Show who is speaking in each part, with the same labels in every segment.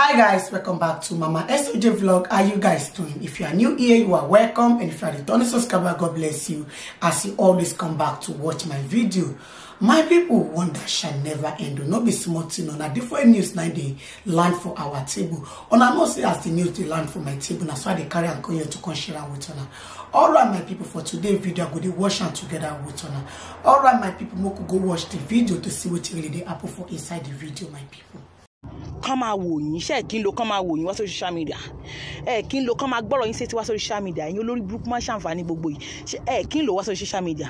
Speaker 1: hi guys welcome back to mama soj vlog how you guys doing if you are new here you are welcome and if you are returning subscriber god bless you as you always come back to watch my video my people wonder shall never end no be small thing on a different news Now they land for our table una know say as the news they land for my table na so they carry and come here to come share am with una all right my people for today's video i go dey wash and together with una all right my people make we go watch the video to see what really they happen for inside the video my people
Speaker 2: kán máa wò yín ṣe kí n lo kán máa wò yín wá sórí social media ẹ kí n lo kán máa gbọ́rọ̀ yín sétí wá sórí social media ẹ̀yin olórí burúkú máa ṣàǹfààní gbogbo yìí ẹ kí n lo wá sórí social media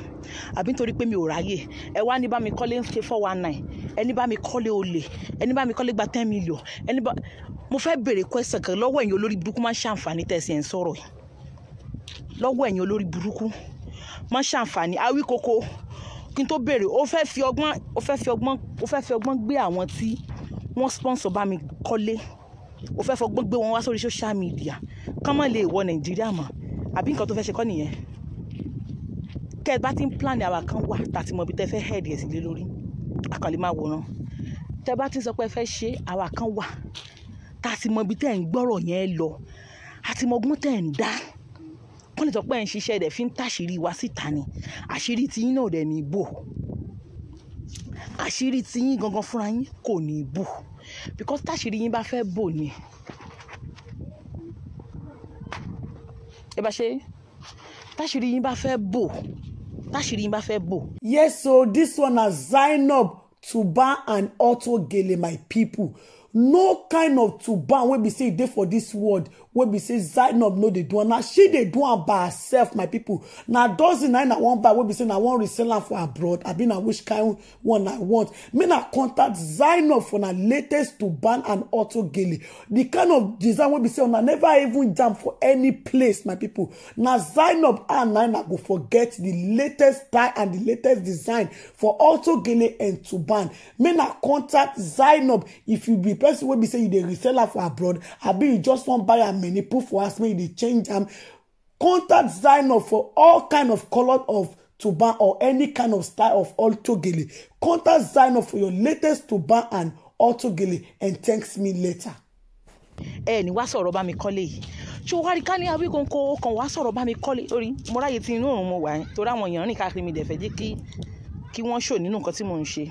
Speaker 2: àbí nítorí pé mi ò ráyè ẹ wá ní bá mi kọ́lé ń ṣe four one nine ẹni bá mi kọ́lé olè ẹni bá mi kọ́lé gba ten million ẹni bá mo fẹ́ béèrè question kan lọ́wọ́ ẹ̀yin olórí burúkú máa ṣàǹfààní tẹ̀sí ẹ̀ ń sọ̀rọ̀ yìí lọ́wọ́ wọ́n sponsor bá mi kọ́lé o fẹ́ fọgbọ́n gbé wọn wá sórí social media kán mọ̀ lè wọ nàìjíríà mọ̀ àbí nǹkan tó fẹ́ ṣe kọ́ nìyẹn kẹ́ ẹ bá ti ń plan àwa kan wà tàti mọ̀ bí tẹ́ fẹ́ head yẹn sí lé lórí àkànlè máa wòran tẹ́ bá ti ń sọ pé ẹ fẹ́ ṣe àwa kan wà tàti mọ̀ bí tẹ́ ń gbọ́rọ̀ yẹn lọ àti mọ̀ ogún tẹ́ ń dá kọ́ lè sọ ń ṣiṣẹ́ rẹ̀ fi ń tàṣírí wa síta ni àṣírí tiyín náà rẹ̀ ní bò àṣírí tiyín gangan fúnra yín kò ní bò because táṣìírí yín bá fẹ́ bò ní.
Speaker 1: ẹ bá ṣe táṣìírí yín bá fẹ́ bò táṣìírí yín bá fẹ́ bò. yes so this one na Zainab Tuba and Auto Gele my people no kind of Tuba wey be say e dey for this world wey be say zainab no dey do am na she dey do am by herself my people na dozen nine na one buy wey be say na one resell am for abroad abi na which kind one i want make na contact zainab for na latest to ban and auto gele the kind of design wey be say una never even jam for any place my people na zainab and nina go forget the latest style and the latest design for auto gele and to ban make na contact zainab if you be person wey be say you dey resell am for abroad abi you just wan buy am and put for us make e change am um, contact zainab for all kind of color of tuba or any kind of style of altogele contact zainab for your latest tuba and altogele and thanks me later.
Speaker 2: ẹ ní wá sọ̀rọ̀ bá mi kọ́lé yìí ṣé wàá rí ká ní awíkóńkó kan wàá sọ̀rọ̀ bá mi kọ́lé lórí mo ráyè tí inú òun mo wà torí àwọn èèyàn rìn káàkiri mi dẹ̀ fẹ́ jẹ́ kí wọ́n ṣò nínú nǹkan tí mò ń ṣe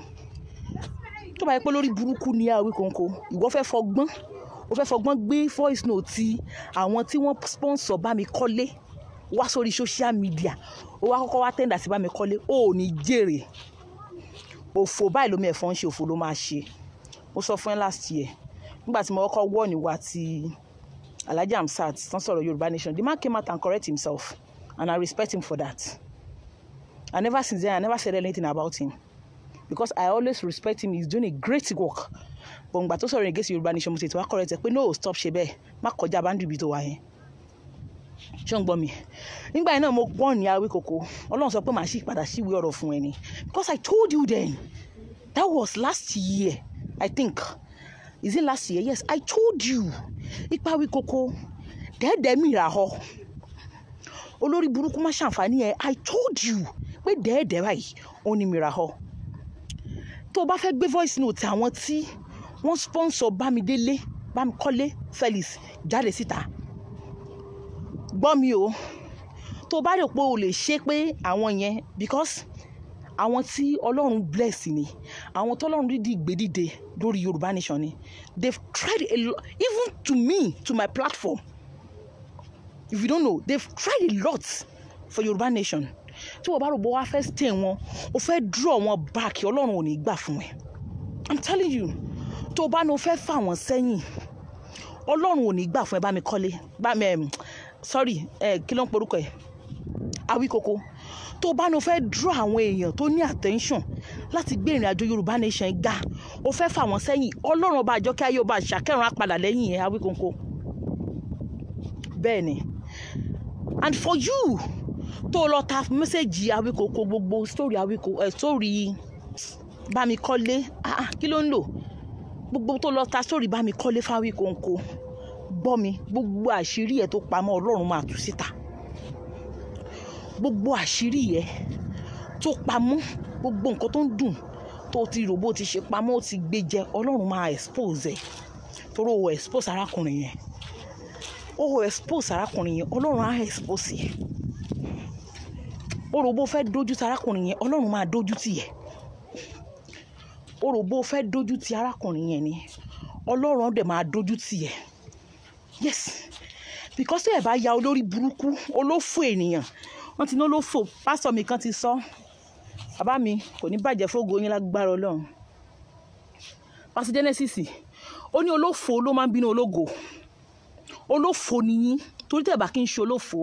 Speaker 2: tó bá yẹ pé lórí burúkú ni awíkóńkó ìwọ fọgbọ́n ó fẹ́ fọgbọ́n gbé voice note ti àwọn tí wọ́n sponsor bá mi kọ́lé wá sórí social media ó wá kọ́kọ́ wá tẹ́ndà sí bá mi kọ́lé ó ò ní jèrè òfò báyìí lómi ẹ̀fọ́ ń ṣe òfò ló máa ṣe mo sọ fún ẹ last year nígbà tí mo kọ́kọ́ wọ̀ níwà ti Alhaji Hamzat tán sọ̀rọ̀ Yorùbá Nation the man came out and correct himself and I respect him for that and ever since then I never said anything about him because I always respect him he's doing a great work but ngbà tó sọ̀rọ̀ against Yorùbá Nation mo tètè wá correct ẹ̀ pé no stop ṣe bẹ́ẹ̀ má kọjá bá ń dùbí tó wà yẹn ṣé ń gbọ́ mi nígbà yẹn náà mo gbọ́n ní awé kòkó Ọlọ́run sọ pé màá sì padà síwèé ọ̀rọ̀ fún ẹ ni because I told you then that was last year I think is it last year yes I told you ipa awé kòkó dẹ́ẹ̀dẹ́ mi rà họ olórí burúkú má ṣàǹfààní ẹ I told you pé dẹ́ẹ̀dẹ́ báyìí ó ní mi rà họ tó o bá fẹ́ gbé voice note àwọn tí wọ́n sponsor Bámidélé Bámikọ́lé Felix jáde síta gbọ́ mi o tó o bá rò pé o lè ṣe pé àwọn yẹn because àwọn tí ọlọ́run bless ni àwọn tọ́lọ́run dídì gbèdìde lórí Yorùbá nation ni they've tried a lot even to me to my platform if you don't know they've tried a lot for Yorùbá nation tí wọ́n bá rò bó wá fẹ́ stain wọn o fẹ́ draw wọn back ọlọ́run ò ní gbà fún ẹ i'm telling you tó o bá ní o fẹ́ fà wọ́n sẹ́yìn ọlọ́run ò ní gbà fún ẹ bá mi kọ́lé bá mi sorry eh, kí ló ń porúkọ ẹ Awíkoko tó o bá ní o fẹ́ draw àwọn èèyàn tó ní attention láti gbé ìrìn àjò Yorùbá nation ga o fẹ́ fà wọ́n sẹ́yìn ọlọ́run ọba àjọkẹ́ ayé ọba àṣàkẹ́rùn apàdà lẹ́yìn ẹ Awíkoko bẹ́ẹ̀ ni and for you tó lọ ta mẹ́sẹ̀gì Awíkòkó gbogbo sórí Awíkòkó ẹ̀ eh, sórí Bámikọ́lé ah, ah kí ló ń lò gbogbo tó lọ ta sórí Bámikọ́lé fáwíkòǹkò gbọ́ mi gbogbo àṣírí ẹ̀ tó pamọ́ Ọlọ́run máa tú síta gbogbo àṣírí ẹ̀ tó pamọ́ gbogbo nǹkan tó ń dùn tó ti rò bó ti ṣe pamọ́ ó ti gbé jẹ Ọlọ́run máa expose ẹ̀ torí o expose arákùnrin yẹn o expose arákùnrin yẹn Ọlọ́run á expose ẹ̀ o rò bó fẹ́ dojú ti arákùnrin yẹn ọlọ́run máa dojú ti yẹ o rò bó fẹ́ dojú ti arákùnrin yẹn ni ọlọ́run ọ̀dẹ̀ máa dojú ti yẹ yes because tí ẹ bá ya olórí burúkú olófò ènìyàn wọn ti ní olófò pásọ mi kan ti sọ bàbá mi kò ní bàjẹ́ fógo yín lágbára ọlọ́run pásítọ̀ Genesis ó ní olófò ló máa ń bínú ológo olófò nìyí torí tẹ̀ bá kí n ṣe olófò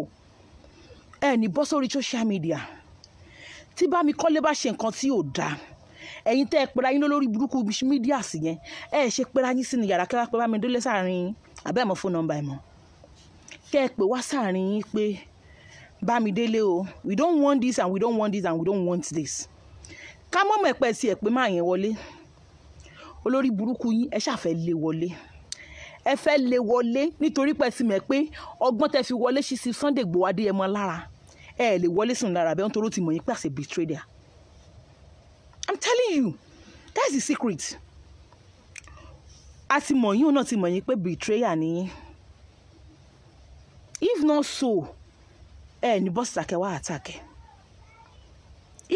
Speaker 2: ẹ ní bọ́ sórí social media tí bá mi kọ́lé bá ṣe nǹkan tí ò dáa ẹ̀yin tẹ́ ẹ pera yín lórí burúkú mídíà sí yẹn ẹ ṣe pera yín sínú yàrá kí wọ́n pẹ́ bá mi délé sáàrin yín àbẹ́ ẹ̀mọ́ fóònù nọ́mbà ẹ̀mọ́ kẹ́ ẹ pè wá sáàrin yín pé bá mi délé o we don't want this and we don't want this and we don't want this ká mọ́mọ́ ẹ̀pẹ́ sí ẹ̀ pé máa yẹn wọlé olórí burúkú yín ẹ ṣàfẹ́ lé wọlé ẹ fẹ́ lé wọlé nítorí pẹ̀sìmẹ̀ pé ọgbọ́n tẹ fi wọlé ṣí sí Sunday Igboho Adéyẹmọ lára ẹ lè wọlé sùn lára bẹ́ẹ̀ nítorí ó ti mọ̀ yín pé àṣẹ betrayer i'm telling you that's the secret a ti mọ̀ yín òun náà ti mọ̀ yín pé betrayer ni yín if not so ẹ ní bọ́sì tàkẹ́ wá àtàkẹ́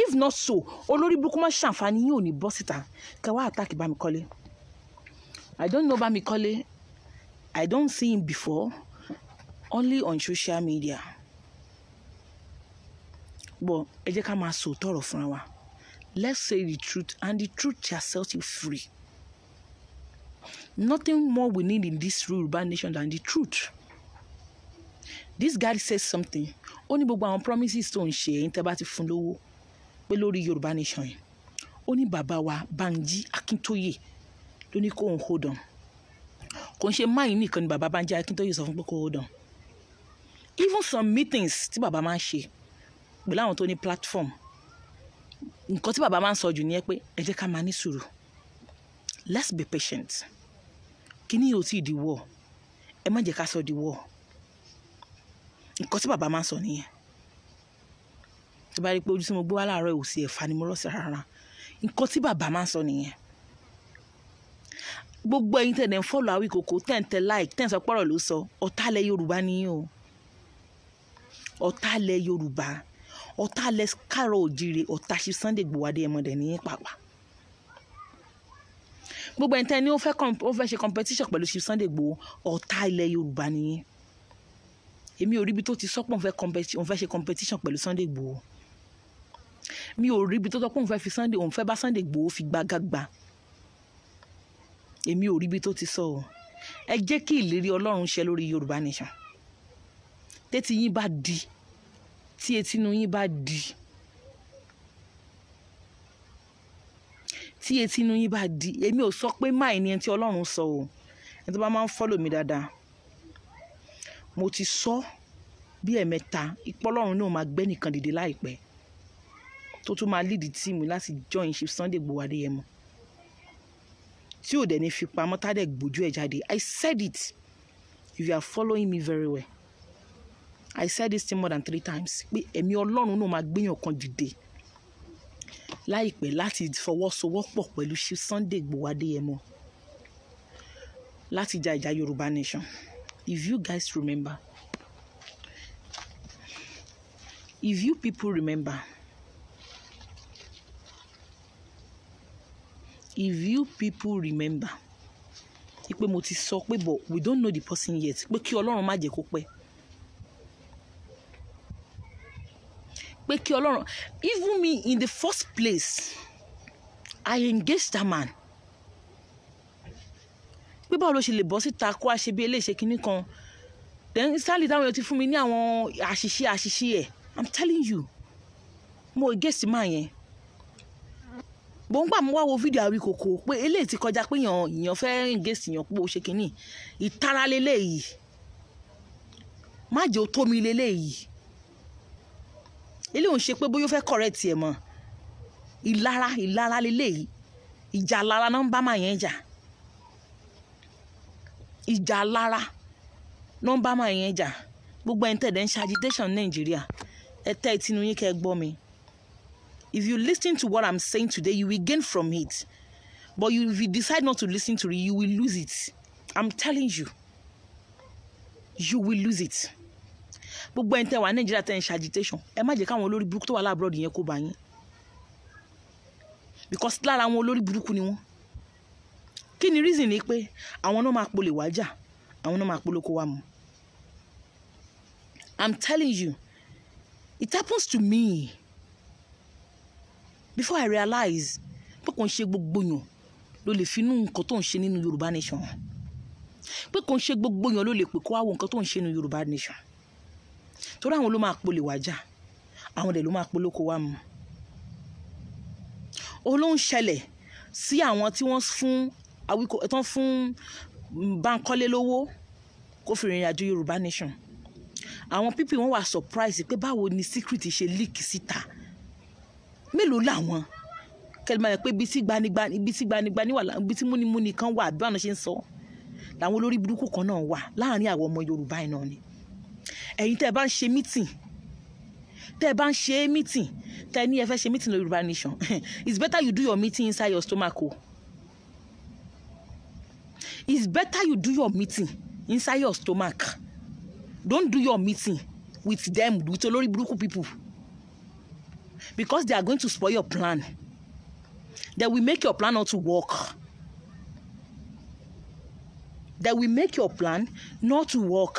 Speaker 2: if not so olórí burúkú máa ṣàǹfààní yín ò ní bọ́ síta kẹwàá àtàkì bá mi kọ́lé i don't know bá mi kọ́lé i don't see him before only on social media but ẹ jẹ́ ká máa sọ tọrọ fúnra wa let's say the truth and the truth shall set you free nothing more we need in this Yoruba nation than the truth this guy says something ó ní gbogbo àwọn promises tó ń ṣe ẹ̀yin tẹ́ bá ti fún lówó pé lórí Yorùbá nation yìí ó ní bàbá wa Banji Akintoye ló ní kó òun hold on kò ń ṣe máyì nìkan ni bàbá Banji Akintoye sọ fún pé kó hold on even some meetings tí bàbá máa ń ṣe pẹ̀lú àwọn tó ní platform nǹkan tí bàbá máa ń sọ jù ni ẹ pé ẹ jẹ́ ká máa ní sùúrù let's be patient kíní yóò tí ì di wọ̀ ẹ má jẹ́ ká sọ di wọ̀ nǹkan tí bàbá máa ń sọ nìyẹn tó bá rí i pé ojú tí mo gbé wá láàárọ̀ ìwòsì ẹ̀fà ni mo rọ̀ rárá nǹkan tí bàbá máa ń sọ nìyẹn gbogbo ẹ̀yin tẹ̀ ń fọ́lọ̀ Awíkòkó tẹ̀ ń tẹ like tẹ̀ ń sọ pọ́rọ̀ ló sọ ọ̀tá ilẹ̀ Yorùbá nìyẹn o ọ̀tá ilẹ̀ Yorùbá ọ̀tá Alex Kárọ̀ òjìrè ọ̀tá ṣe Sunday gbòwádé ẹ̀mọ́ dẹ̀ ní pàpà gbogbo ẹni tẹ́ ni ó fẹ́ ó fẹ́ ṣe competition pẹ̀lú ṣe Sunday gbòó ọ̀tá ilẹ̀ Yorùbá nìyẹn èmi ò ríbi tó ti sọ pé òun fẹ́ ṣe competition pẹ̀lú Sunday gbòó mi ò ríbi tó sọ pé òun fẹ́ fi Sunday òun fẹ́ bá Sunday gbòó fi gbágágbá èmi ò ríbi tó ti sọ o ẹ jẹ́ kí ìlérí Ọlọ́run ṣẹ lórí Yorùbá nation tẹ́tí yín bá di tí etí inú yín bá di tí etí inú yín bá di èmi ò sọ pé máì ni ẹni tí ọlọ́run sọ o ẹni tó bá máa ń follow mi dáadáa mo ti sọ bí ẹ̀mẹ́ta ìpọ́lọ́run náà máa gbé nìkan dìde láìpẹ́ tó tún máa lead tíìmù láti join ṣe Sunday Igboho Adéyẹmọ tí ò dẹ̀ ní fi pamọ́ tá dẹ̀ gbójú ẹ̀ jáde I said it if you are following me very well. I said this thing more than three times pé ẹ̀mí ọlọ́run náà máa gbéyàn kan dìde láìpẹ́ láti fọwọ́sowọ́pọ̀ pẹ̀lú Sunday Igboho Adéyẹmọ láti ja ìjà Yorùbá nation if you guys remember if you people remember if you people remember pé mo ti sọ pé but we don't know the person yet pé kí ọlọ́run má jẹ́ kó pẹ́. pé kí ọlọ́run even me in the first place I engaged that man pé báwo ló ṣe lè bọ́ síta kó a ṣe bí eléyìí ṣe kan then sally táwọn èèyàn ti fún mi ní àwọn àṣìṣe àṣìṣe ẹ̀ i'm telling you mo gẹ̀ẹ́sì máa yẹn bó ń gbà mo wá wo fídíò àwí kòkò pé eléyìí ti kọjá pé èèyàn èèyàn fẹ́ gẹ̀ẹ́sì yàn pé o ṣe kinní ìtara leléyìí má jẹ́ o tó mi leléyìí eléyìí ń ṣe pé bóyá ó fẹ́ correct ẹ̀ mọ́ ìlara ìlara leléyìí ìjà lára náà ń bá màá yẹn jà ìjà lára náà ń bá màá yẹn jà gbogbo ẹni tẹ̀dẹ̀ ń ṣe agitation Nàìjíríà ẹ tẹ́ ìtinú yín kẹ́ ẹ gbọ́ mi if you listen to what I'm saying today you will gain from it but you, if you decide not to listen to it you will lose it I'm telling you you will lose it gbogbo ẹni tẹ́ wà nàìjíríà tẹ́ ń ṣe agitation ẹ má jẹ́ káwọn olórí burúkú tó wà láàbúrò yẹn kó bá yín because lára àwọn olórí burúkú ni wọ́n kí ni reason ni pé àwọn náà máa polè wá jà àwọn náà máa polóko wá mu i'm telling you it happens to me before i realize pé kò ń ṣe gbogbo yàn ló lè finú nǹkan tó ń ṣe nínú yorùbá nation pé kò ń ṣe gbogbo yàn ló lè pè kó wá wo nǹkan tó ń ṣe nínú yorùbá nation torí àwọn ló máa polè wájà àwọn dẹ̀ ló máa polóko wá mu olóhùn ṣẹlẹ̀ sí àwọn tí wọ́n fún Awíko tán fún Bankole lówó kó fi rìnrìn àjò Yorùbá nation àwọn pípì wọn wà surprise pé báwo ni secret ṣe leak síta mélòó làwọn kẹlẹ máa yẹ pé ibi tí gbanigbani ibi tí gbanigbani wà ibi tí múnimúni kan wà bí wọn ṣe ń sọ làwọn olórí burúkú kan náà wà láàárín àwọn ọmọ Yorùbá iná ni ẹ̀yin tẹ́ ẹ bá ń ṣe mítìn tẹ́ ẹ bá ń ṣe mítìn tẹ́ ẹ ní ẹ fẹ́ ṣe mítìn lórí Yorùbá nation it's better you do your meeting inside your stomach o it's better you do your meeting inside your stomach don't do your meeting with them with olórí burúkú people because they are going to spoil your plan they will make your plan not to work they will make your plan not to work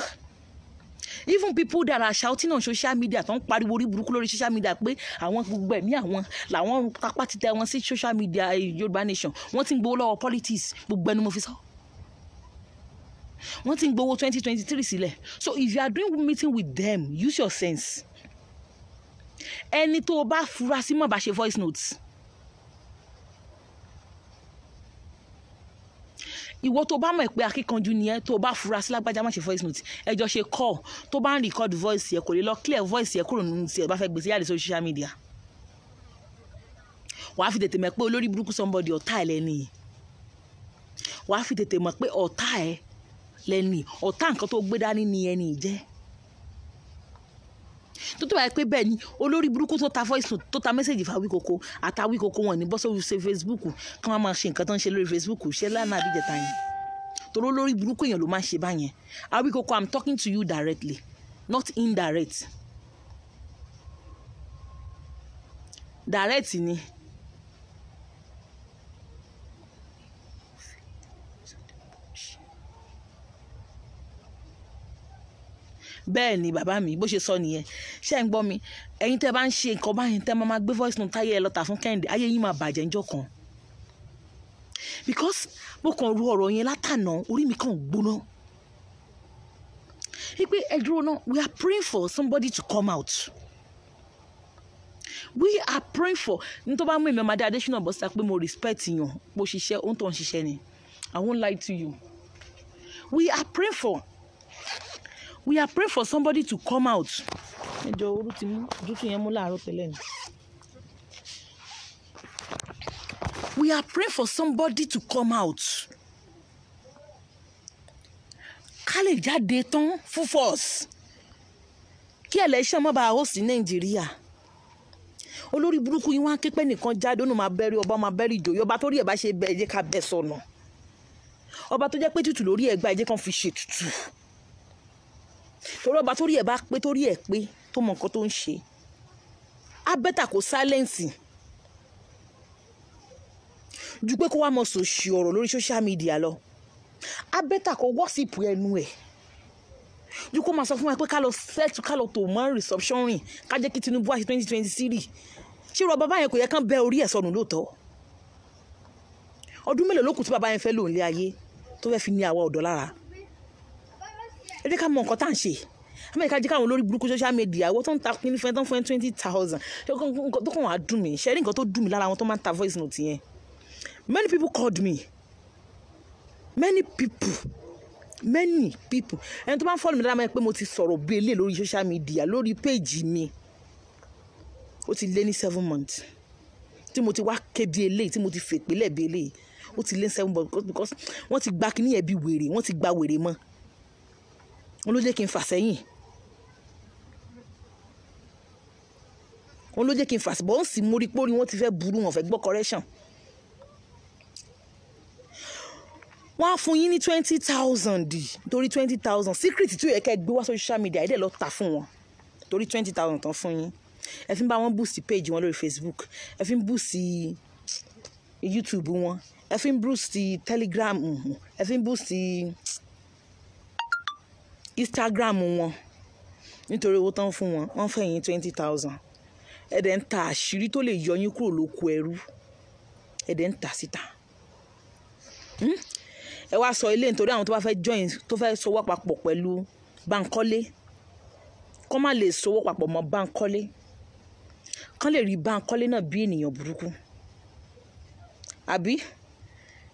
Speaker 2: even people that are shouting on social media tó ń pariwo orí burúkú lórí social media pé àwọn gbogbo ẹ̀mí àwọn làwọn kápá ti tẹ wọn sí social media eh, yorùbá nation wọ́n ti ń gbowó lọ́wọ́ politics gbogbo ẹnu mo fi sọ wọ́n ti ń gbowó twenty twenty three sílẹ̀ so if you are doing meeting with them use your sense ẹni tó o bá fura sí má bá ṣe voice notes ìwọ tó bá mọ̀ pé akíkanjú ni ẹ tó bá fura sí lágbájá má ṣe voice note ẹ jọ ṣe call tó bá ń record voice yẹ kò lè lọ clear voice yẹ kúrò nínú tiẹ̀ bá fẹ́ gbèsè yàrá sórí social media wàá fi tètè mọ̀ pé olórí burúkú somebody ọ̀tá ẹ̀ lẹ́ni wàá fi tètè mọ̀ pé ọ̀tá ẹ̀ lẹ́ni ọ̀tá nǹkan tó gbé dání ni ẹni jẹ́ tó tó báyìí pé bẹ́ẹ̀ ni olórí burúkú tó ta voice note tó ta message fa Awíkòkó àti Awíkòkó wọn ní bọ́ sórí ṣe Facebook kán máa ṣe nǹkan tó ń ṣe lórí Facebook ṣe lánàá àbíjẹta yẹn torí olórí burúkú èèyàn ló máa ṣe báyẹn Awíkòkó I'm talking to you directly not indirect direct ni bẹ́ẹ̀ ni bàbá mi bó ṣe sọ nìyẹn ṣé ń gbọ́ mi ẹ̀yin tẹ́ bá ń ṣe nǹkan báyìí tẹ́ máa gbé voice note táyé ẹ lọ́ta fún kẹ́hìndé ayé yín máa bàjẹ́ ńjọ́ kan because mo kàn ru ọ̀rọ̀ yẹn látànà orí mi kàn gbóná wípé ẹ dúró náà we are praying for somebody to come out we are praying for ní tó bá mú èmi ọmọdé pé mo respect yàn mo ṣiṣẹ́ ó ń ṣiṣẹ́ ni i won't lie to you we are praying for we are praying for somebody to come out. ẹjọ ooru ti mú òtútù yẹn mú láàárọ̀ tẹ́lẹ̀ ni. we are praying for somebody to come out. ká lè jáde tán full force kí election má bàa host nàìjíríà olórí burúkú yín wá képe nìkan jáde ònà máa bẹ́rí ọba máa bẹ́rí ìjòyè ọba tó rí ẹ̀ bá ṣe bẹ́ẹ̀ jẹ́ ká bẹ́ sọnù ọba tó jẹ́ pé tútù lórí ẹ̀ gba ẹ̀ jẹ́ kàn fi ṣètùtù torí ọba torí ẹ̀ bá pé torí ẹ̀ pé tó mọ nǹkan tó ń ṣe á bẹ́tà kó sáyẹ́ǹsì ju pé kó wá mọ sòṣì ọ̀rọ̀ lórí social media lọ á bẹ́tà kó wọ́sìpù ẹnu ẹ̀ ju kó máa sọ fún wa pé ká lọ sẹ́ẹ̀tù ká lọ tó mọ́ reception rìn ká jẹ́ kí Tinubu àti twenty twenty three ṣé ìrọ̀ bàbá yẹn kò yẹ kán bẹ orí ẹ̀ sọnù lóòótọ́ ọdún mélòó ló kù tí bàbá yẹn fẹ́ lò nílé ayé tó fẹ́ fi ní àwa ọ̀dọ́ lára ẹ jẹ́ ká mọ nǹkan tá à ń ṣe amẹ́ríkà jẹ́ káwọn olórí burúkú social media owó tó ń ta kíní fún ẹ tó ń fún ẹ twenty thousand tó kàn wá dùn mí ṣẹ́rí nǹkan tó dùn mí lára àwọn tó máa ń ta voice note yẹn many people called me many people many people ẹni tó bá ń fọ́ọ̀lù mi lára mọ́ ẹ pé mo ti sọ̀rọ̀ bí lórí social media lórí péèjì mi ó ti lé ní seven months tí mo ti wá ké eléyìí tí mo ti fèpè lẹ̀ ó ti lé ní seven months because wọ́n ti gba kíní yẹn bí wèrè wọ́n ti gba wèrè mọ́ òun ló jẹ́ kí n fà sẹ́yìn òun ló jẹ́ kí n fà sí bọ́ọ̀n sì mórí pórí wọ́n ti fẹ́ burú wọn fẹ́ gbọ́ correction wọ́n á fún yín ní twenty thousand torí twenty thousand secret tí ó yẹ ká ẹ gbé wá social media ẹ dẹ̀ lọ tà fún wọn torí twenty thousand tán fún yín ẹ fi ń bá wọn boost page wọn lórí Facebook ẹ fi ń boost YouTube wọn ẹ fi ń boost telegram ẹ fi ń boost instagram wọn nítorí owó tán fún wọn wọ́n fẹ́ yín twenty thousand ẹ̀dẹ̀ ń ta àṣírí tó lè yọ yín kúrò lóko ẹrú ẹ̀dẹ̀ ń ta síta hmm? ẹ wá sọ ilé nítorí àwọn tó bá fẹ́ join tó fẹ́ sowọ́ papọ̀ pẹ̀lú Bankole kó má lè sowọ́ papọ̀ mọ́ Bankole kán lè rí Bankole náà bí ènìyàn burúkú àbí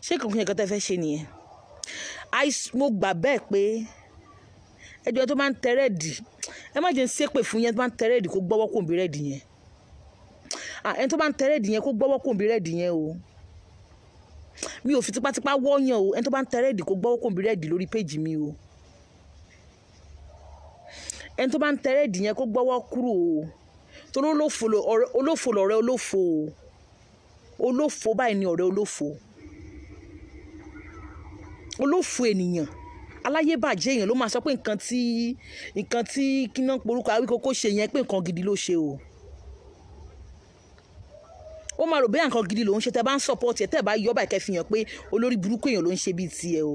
Speaker 2: ṣé kankan yẹn kan tẹ́ fẹ́ ṣe nìyẹn mo gbà bẹ́ẹ̀ pé ẹjọ́ tó máa ń tẹ rẹ́ẹ̀dì ẹ má jẹ́ ń ṣépè fún yẹn tó máa ń tẹ rẹ́ẹ̀dì kó gbọ́wọ́ kò ń bí rẹ́ẹ̀dì yẹn ẹni tó máa ń tẹ rẹ́ẹ̀dì yẹn kó gbọ́wọ́ kò ń bí rẹ́ẹ̀dì yẹn o mi ò fi tipátipá wọ́ọ̀yàn o ẹni tó bá ń tẹ rẹ́ẹ̀dì kó gbọ́wọ́ kò ń bí rẹ́ẹ̀dì lórí péjì mi o ẹni tó bá ń tẹ rẹ́ẹ̀dì yẹn kó gbọ́wọ́ kúrò o torí olófo lọ̀rẹ́ olófo o olófo báyìí ni ọ̀rẹ́ olófo olófo ènìyàn aláyébàjẹ́ èèyàn ló máa sọ pé nǹkan tí nǹkan tí kíná porúkọ Awíkókó ṣe yẹn pé nǹkan gidi ló ṣe o ó máa rò bẹ́ẹ̀ nǹkan gidi ló ń ṣe tẹ́ bá ń sọ́pọ́ọ̀tì ẹ̀ tẹ́ bá yọ́ báyìí kẹfì hàn pé olórí burúkú èèyàn ló ń ṣe bíi tiẹ̀ o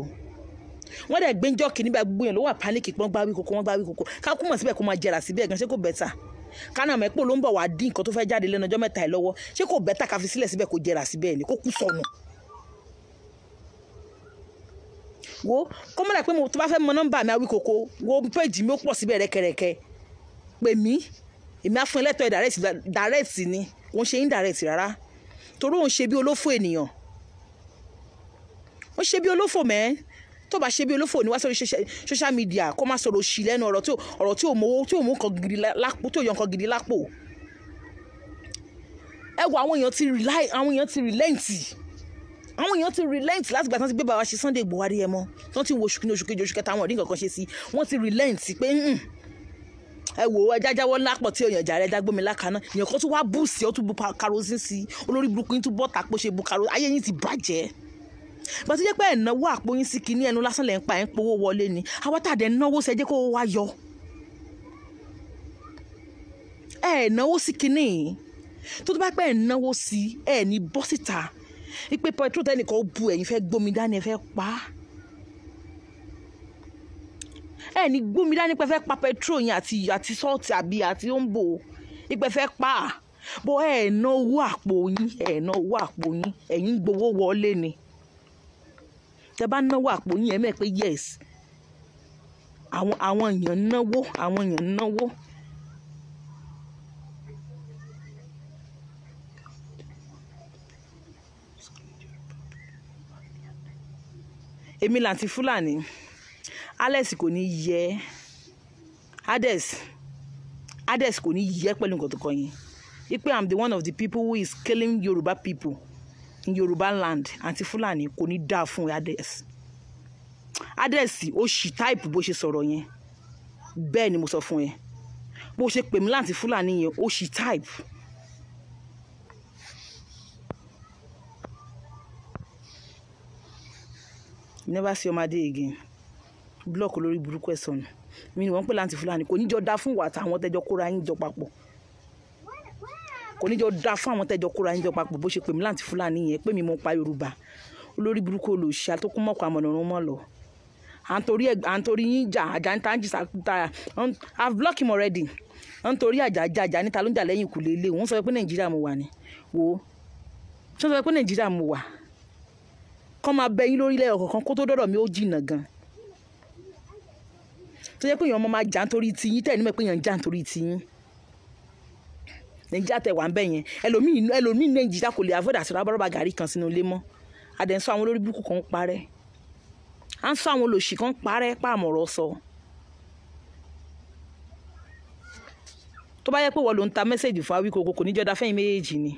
Speaker 2: wọ́n dẹ̀ gbé ń jọ́ọ̀kì nígbà gbogbo èèyàn ló wà pánìkì pọ́n gbá Awíkókó wọ́n gbá Awíkókó ká kú mọ̀ síbẹ̀ kó máa jẹrà síbẹ̀ gan ṣé kò bẹ́tà kánà mẹ́pò ló ń bọ̀ wá dín nǹkan tó fẹ́ jáde lẹ́nu ọjọ́ mẹ́ta ẹ̀ lọ́wọ́ ṣé kò bẹ́tà ká fi sílẹ̀ síbẹ̀ kó jẹrà síbẹ̀ ni kó kú sọnù wo kó mọ̀ dà pé mo tó bá fẹ́ mọ nọ́mbà mi Awikoko wo péjì mi ó pọ̀ síbẹ̀ rẹ́kẹrẹ́kẹ́ pè mí èmi á fún ẹ lẹ́tọ̀ọ́ direct ni kò ń ṣe indirect rárá torí òun ṣe bí olófò ènìyàn ó ṣe bí olófò mẹ́ẹ́ tó bá ṣe bí olófò ní wá sórí social media kó má sọ̀rọ̀ òṣì lẹ́nu ọ̀rọ̀ tí ọ̀rọ̀ tí ò mọ́wó tí ò mú nǹkan gidi lápò tí ò yọ nǹkan gidi lápò ẹ wo àwọn èèyàn ti relent àwọn èèyàn ti relent láti gbà tán ti gbé bàbá ṣe Sunday Igboho Adéyẹmọ tán ti wo oṣù kìíní oṣù kejì oṣù kẹta àwọn òdì kankan ṣe sí wọ́n ti relent pé ẹ wò ó ẹja jáwọ́ lápọ̀ tí èèyàn jàre ẹja gbómi lákaná èèyàn kan tún wá bù sí ọ tún bu karosín sí olórí burúkú yín tún bọ́ tàpọ̀ ṣe bu karosín ayé yín ti bàjẹ́ bá ti jẹ́ pé ẹ̀náwó àpò yín sí kinní ẹnu lásán lẹ́ ń pa ẹ̀ ń powó wọlé ni àwa tàdé náwó sẹ́jẹ́ kó wá yọ ẹ̀ẹ́náwó sí kinní tó tó bá pẹ́ ẹ̀náwó sí ẹ̀ ní bọ́ síta ipe petrol tẹnìkan ó bu ẹ̀yin fẹ́ gbómi dání ẹ fẹ́ pa á ẹ ní gbómi dání pé fẹ́ pa petrol yẹn àti àti sọ́ọ̀tì àbí àti òǹbò ipe fẹ́ pa á ẹ ná owó àpò yín ẹ ná owó àpò yín ẹ̀yin gbowó wọlé ni tẹ bá náwó àpò yín ẹ mẹ́ pé yes àwọn àwọn èèyàn náwó àwọn èèyàn náwó. èmi làǹtí fúlàní alex kò ní yẹ hades hades kò ní yẹ pẹ̀lú nǹkan tó kọ yín ipe i'm the one of the people who is killing Yoruba people in Yoruba land àǹtí fúlàní kò ní dáa fún hades hades ó ṣì táìpù bó ṣe sọ̀rọ̀ yẹn bẹ́ẹ̀ ni mo sọ fún ẹ bó ṣe pè mí fúlàní yẹn ó ṣì táìpù never see ọmọdé again block olórí burúkú ẹ̀ sọnù mi ni wọ́n ń pè láǹtí fúlàní kò níjọ da fún ìwà àtàwọn tẹjọ kóra yín jọ papọ̀ kò níjọ da fún àwọn tẹjọ kóra yín jọ papọ̀ bó ṣe pè mí láǹtí fúlàní yẹn pé mi mọ̀ pa yorùbá olórí burúkú olùṣà tó kún mọ̀kọ́ àmọ̀nàrún mọ̀ lọ à ń torí à ń torí yín jà àjà ń jì sàkúta i have blocked him already à ń torí àjà jàjà níta ló ń jà lẹ́yìn ìkùlé ilé wọ́n sọ pé nàìjíríà mo wà ni wò sọ pé nàìjíríà mo wà kọ́ máa bẹ yín lórílẹ̀ ọ̀kọ̀ọ̀kan kó tó dọ́dọ̀ mi ó jìnnà gan tó jẹ́ pé èèyàn ọmọ máa jà nítorí tiyín tẹ̀ nímọ̀ pé èèyàn jà nítorí tiyín nàìjíríà tẹ̀ wá ń bẹ̀ yẹn ẹlòmíì ẹlòmíì nàìjíríà kò lè avoid àti rábàrọ̀bà gàrí kan sínú ilé mọ́ àdẹ̀sọ àwọn olórí burúkú kan ń parẹ́ à ń sọ àwọn olòṣì kan ń parẹ́ pàmòrò sọ. tó bá yẹ pé wọ́n ló ń ta mẹ́sẹ̀gì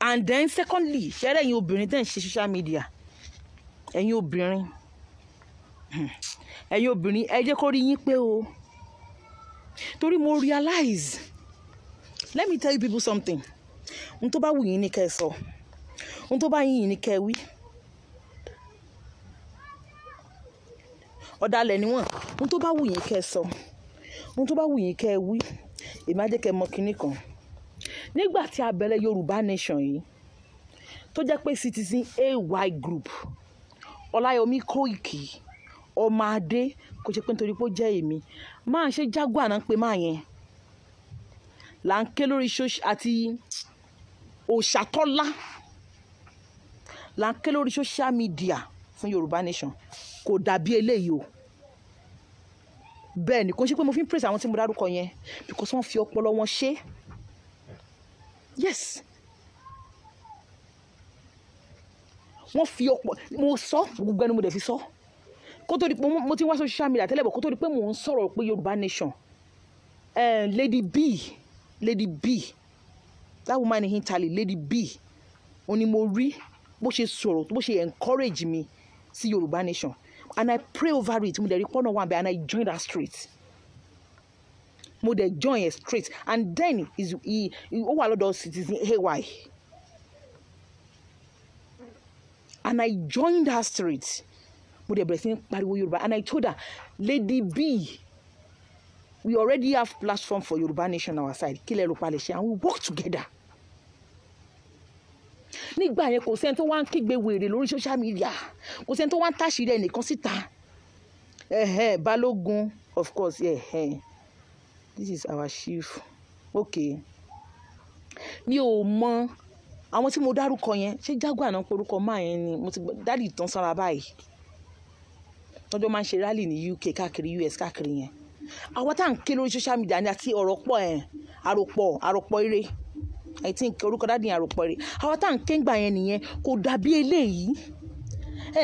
Speaker 2: and then secondly ṣẹ́rẹ́ ẹ̀yin obìnrin tẹ̀ ń ṣe social media ẹ̀yin obìnrin hmm. ẹ̀yin obìnrin ẹ jẹ́ kó rí yín pé o torí mo realize let me tell you people something ohun tó bá wù yín ni kẹ́ ẹ sọ ohun tó bá yín ni kẹ́ ẹ wí ọ̀dàlẹ̀ ni wọ́n ohun tó bá wù yín kẹ́ sọ ohun tó bá wù yín kẹ́ wí èmi á jẹ́ kẹ́ mọ kinní kan nígbà tí a bẹ̀rẹ̀ Yorùbá Nation yìí tó jẹ́ pé Citizen AY Group Ọláyọmí Kóìkì ọmọ adé kò ṣe pé nítorí pé ó jẹ́ èmi máa ṣe jágbá náà pé máa yẹn là ń ké lórí ṣóṣì àti òṣàtọ́lá là ń ké lórí social media fún Yorùbá Nation kò dàbí eléyìí o bẹ́ẹ̀ ni kò ṣe pé mo fi ń praise àwọn tí mo dárúkọ yẹn because wọ́n fi ọpọlọ wọn ṣe é yes wọ́n fi ọ̀pọ̀ mo sọ gbogbo ẹnu mo dẹ̀ fi sọ kó di pé mo ti wá social media tẹ́lẹ̀ bọ̀ kó di pé mò ń sọ̀rọ̀ pé Yorùbá nation uh, Lady B Lady B that woman in Italy Lady B òun ni mo rí bó ṣe sọ̀rọ̀ bó ṣe encourage mi sí Yorùbá nation and I pray over it mo dẹ̀ rí pọ́nà wà bẹ́ẹ̀ and I join that street mo dẹ̀ join ẹ̀ straight and then is he ó wà lọ́dọ̀ citizen ay and I joined her straight mo dẹ̀ bẹ̀rẹ̀ sí pariwo Yorùbá and I told her Lady B we already have platform for Yorùbá nation our side kí lè rò palẹ̀ and we work together nígbà yẹn kò sẹ́ni tó wá ń kígbe wèrè lórí social media kò sẹ́ni tó wá ń tàṣírí ẹnìkan síta Balógun of course. Yeah, yeah this is our chief okay mi ò mọ àwọn tí mo dárúkọ yẹn ṣé jaguar náà porúkọ máa yẹn ni mo ti dádì tán sára báyìí tọ́jọ́ máa ń ṣe rally ní UK káàkiri US káàkiri yẹn àwọn tá à ń ké lórí social media ni àti ọ̀rọ̀ pọ̀ ẹ̀ àròpọ̀ àròpọ̀ eré I think orúkọ dádì yẹn àròpọ̀ eré àwọn tá à ń ké ń gbà yẹn nìyẹn kò dàbí eléyìí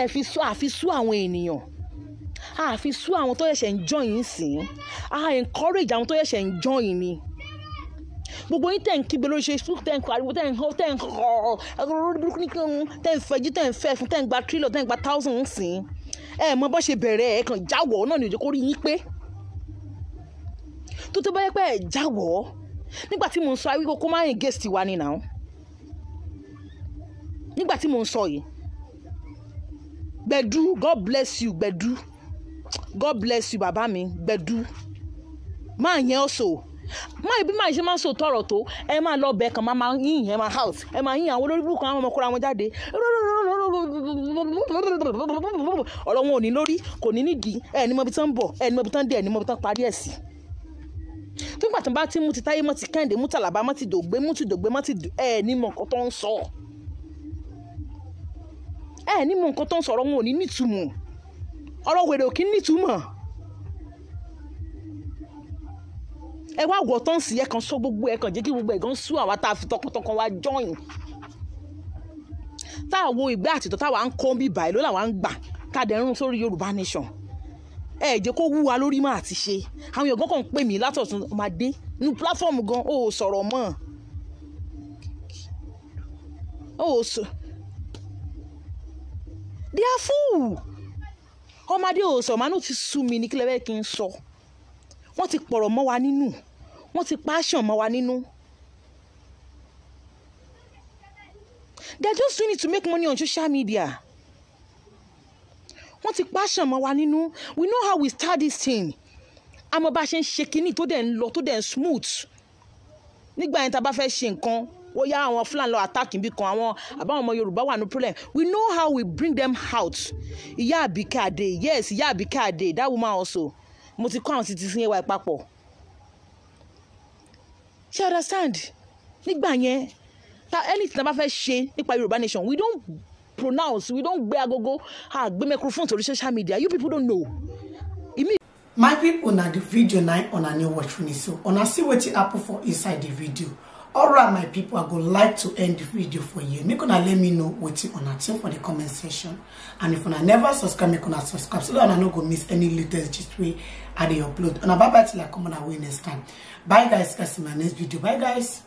Speaker 2: ẹ fi sú àfi sú àwọn ènìyàn a fi sú àwọn tó ṣẹ̀ṣẹ̀ ń join sìn a encourage àwọn tó ṣẹ̀ṣẹ̀ ń join ni gbogbo yín tẹ̀ ń kígbe lórí facebook tẹ̀ ń pariwo tẹ̀ ń hó tẹ̀ ń hó lórí burúkú ní kíkún tẹ̀ ń fẹjú tẹ̀ ń fẹ́ fún tẹ̀ ń gba trillion tẹ̀ ń gba thousand ń sìn ẹ mọ bó ṣe bẹ̀rẹ̀ ẹ kàn jáwọ́ náà ní òjò kó rí yín pé tó tó bá yẹ pé ẹ jáwọ́ nígbà tí mò ń sọ ayé kókó máa ń gẹ̀ẹ́sì wa ni nàá nígbà tí mò ń sọ yìí gbẹ̀dú god bless you gbẹ̀dú god bless you bàbá mi gbẹdú máa yẹn ọ̀sọ̀ máa ibi máa ṣe máa sọ tọrọ tó ẹ máa lọ bẹ kàn máa máa yín ẹ máa house ẹ máa yín àwọn olórí burúkú àwọn ọmọkùnrin àwọn jáde ọ̀rọ̀ wọn ò ní lórí kò ní nídìí ẹ ní mọbi tán bọ̀ ẹ ní mọbi tán dé ẹ ní mọbi tán parí ẹ̀ sí. nígbà tó bá ti mú ti táyé mọ́ ti kẹ́hìndé mú tàlàbà mọ́ ti dògbé mú ti dògbé mọ́ ti ẹ ní mọ nǹkan tó ń sọ ẹ ní mọ nǹkan tó ń sọ ọ̀rọ̀ wọn ò ní nítumọ̀ ọ̀rọ̀ wèrè ò kí ń nítumọ̀ ẹ wá wọ̀ tán sí ẹ kàn sọ gbogbo ẹ kàn jẹ́ kí gbogbo ẹ̀ gan sú àwa tá a fi tọkàntọkàn wa join tá a wo ìgbé àtìtọ́ táwa ń kọ́ bí báyìí ló làwa ń gbà tá a sórí Yorùbá Nation ẹ jẹ́ kó wú lórí máa ti ṣe àwọn èèyàn gan kàn pè mí látọ̀tún máa dé nu platform gan ó sọ̀rọ̀ mọ́ ó sọ they are full ọmọdé ò sọ màánù ti sú mi ní kílẹ̀ bẹ́ẹ̀ kí n sọ wọ́n ti pọ̀rọ̀ mọ́ wa nínú wọ́n ti passion mọ́ wa nínú. they are just doing it to make money on social media wọ́n ti passion mọ́ wa nínú we know how we start this thing àmọ́ bá a ṣe ń ṣe kinní tó dẹ̀ ń lọ tó dẹ̀ ń smooth nígbà yẹn tá a bá fẹ́ ṣe nǹkan bóyá àwọn Fúlàní lọ attack níbi kan àwọn àbáwọn ọmọ Yorùbá wà ní problem we know how we bring them out ìyá Àbíkẹ́ Adé yes ìyá Àbíkẹ́ Adé that woman also mo ti kọ́ àwọn títí sí ẹwà ìpapọ̀ ṣe understand nígbà yẹn ta anything ta bá fẹ́ ṣe nípa Yorùbá nation we don't pronounce we don't gbé agogo àgbé microphone torí social media you people don't know.
Speaker 1: my pipo na di video na im una new watch finish so una see wetin happen for inside the video alright my people, i go like to end the video for you make gonna let me know wetin una think for the comment section and if una never subscribe make gonna subscribe so that una no go miss any latest just way i dey upload una bye bye till i come on away next time bye guys guys in my next video bye guys